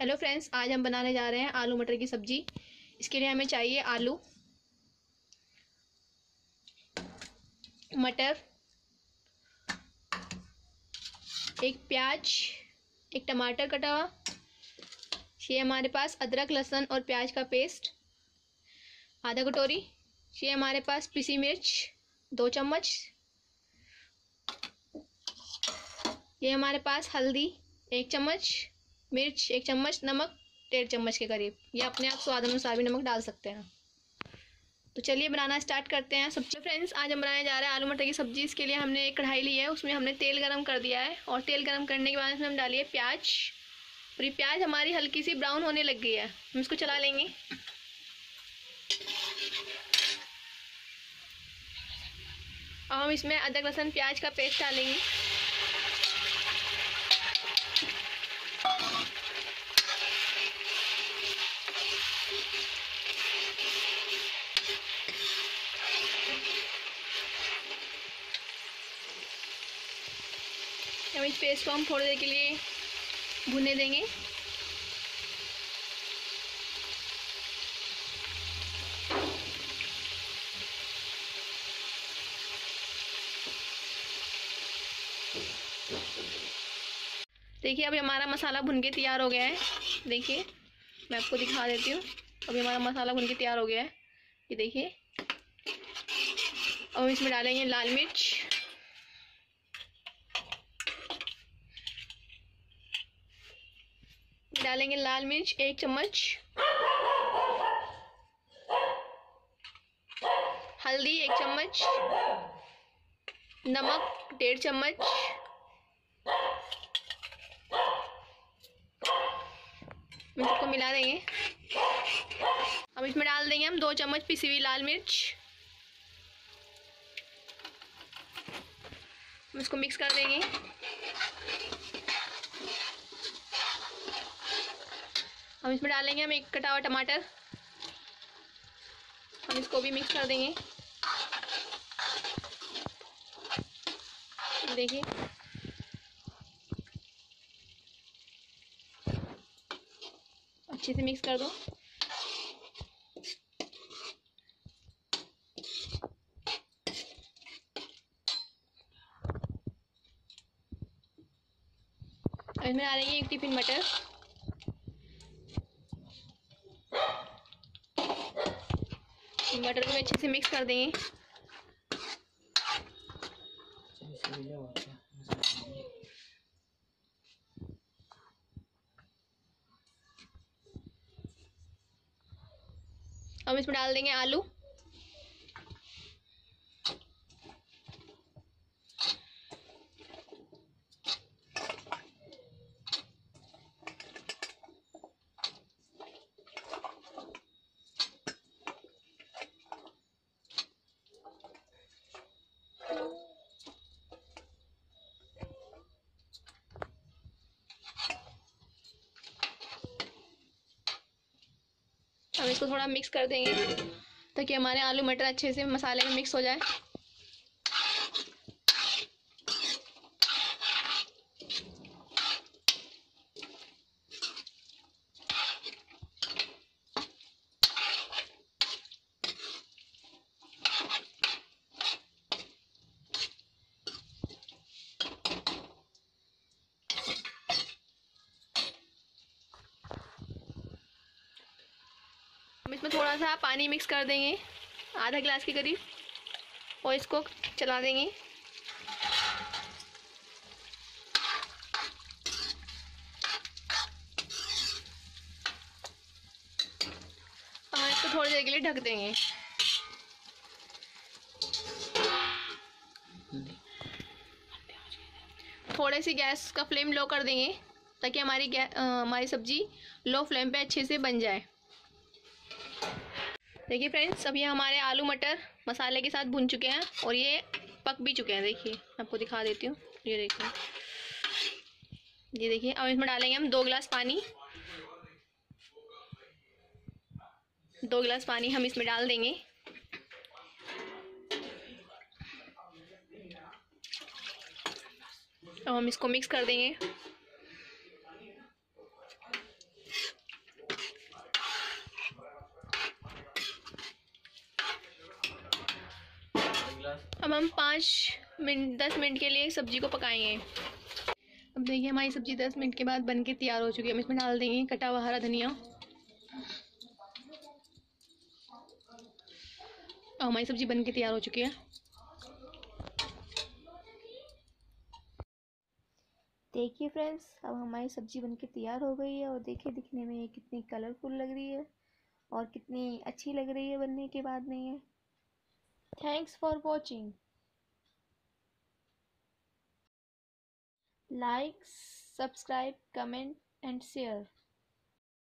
Hello friends आज हम बनाने जा रहे हैं आलू मटर की सब्ज़ी इसके लिए हमें चाहिए आलू मटर एक प्याज एक टमाटर कटा हुआ ये हमारे पास अदरक लहसुन और प्याज का पेस्ट आधा कटोरी ये हमारे पास पिसी मिर्च दो चम्मच ये हमारे पास हल्दी एक चम्मच मिर्च एक चम्मच नमक डेढ़ चम्मच के करीब या अपने आप स्वाद अनुसार भी नमक डाल सकते हैं तो चलिए बनाना स्टार्ट करते हैं सब्जी फ्रेंड्स आज हम बनाने जा रहे हैं आलू मटर की सब्जी इसके लिए हमने एक कढ़ाई ली है उसमें हमने तेल गरम कर दिया है और तेल गरम करने के बाद इसमें हम डालिए प्याज और ये प्याज हमारी हल्की सी ब्राउन होने लग गई है हम इसको चला लेंगे और हम इसमें अदरक लहसुन प्याज का पेस्ट डालेंगे इस पेस्ट को हम थोड़ी देर के लिए भुने देंगे देखिए अभी हमारा मसाला भुन के तैयार हो गया है देखिए मैं आपको दिखा देती हूँ अभी हमारा मसाला भुन के तैयार हो गया है ये देखिए अब हम इसमें डालेंगे लाल मिर्च डालेंगे लाल मिर्च एक चम्मच हल्दी एक चम्मच नमक डेढ़ चम्मच इसको मिला देंगे अब इसमें डाल देंगे हम दो चम्मच पिसी हुई लाल मिर्च इसको मिक्स कर देंगे हम इसमें डालेंगे हम एक कटा हुआ टमाटर हम इसको भी मिक्स कर देंगे देखिए अच्छे से मिक्स कर दो इसमें डालेंगे एक टिफिन मटर मटर को अच्छे से मिक्स कर देंगे अब इसमें डाल देंगे आलू इसको थोड़ा मिक्स कर देंगे ताकि हमारे आलू मटर अच्छे से मसाले में मिक्स हो जाए इसमें थोड़ा सा पानी मिक्स कर देंगे आधा गिलास के करीब और इसको चला देंगे और इसको थोड़ी देर के लिए ढक देंगे थोड़े सी गैस का फ्लेम लो कर देंगे ताकि हमारी हमारी सब्ज़ी लो फ्लेम पे अच्छे से बन जाए देखिए फ्रेंड्स अब ये हमारे आलू मटर मसाले के साथ भुन चुके हैं और ये पक भी चुके हैं देखिए आपको दिखा देती हूँ ये देखिए ये देखिए अब इसमें डालेंगे हम दो गिलास पानी दो गिलास पानी हम इसमें डाल देंगे अब हम इसको मिक्स कर देंगे अब हम पाँच मिनट दस मिनट के लिए सब्ज़ी को पकाएंगे अब देखिए हमारी सब्ज़ी दस मिनट के बाद बन के तैयार हो चुकी है हम इसमें डाल देंगे कटा हुआ हरा धनिया और हमारी सब्ज़ी बन के तैयार हो चुकी है देखिए फ्रेंड्स अब हमारी सब्ज़ी बन के तैयार हो गई है और देखिए दिखने में ये कितनी कलरफुल लग रही है और कितनी अच्छी लग रही है बनने के बाद में ये Thanks for watching. Like, subscribe, comment and share.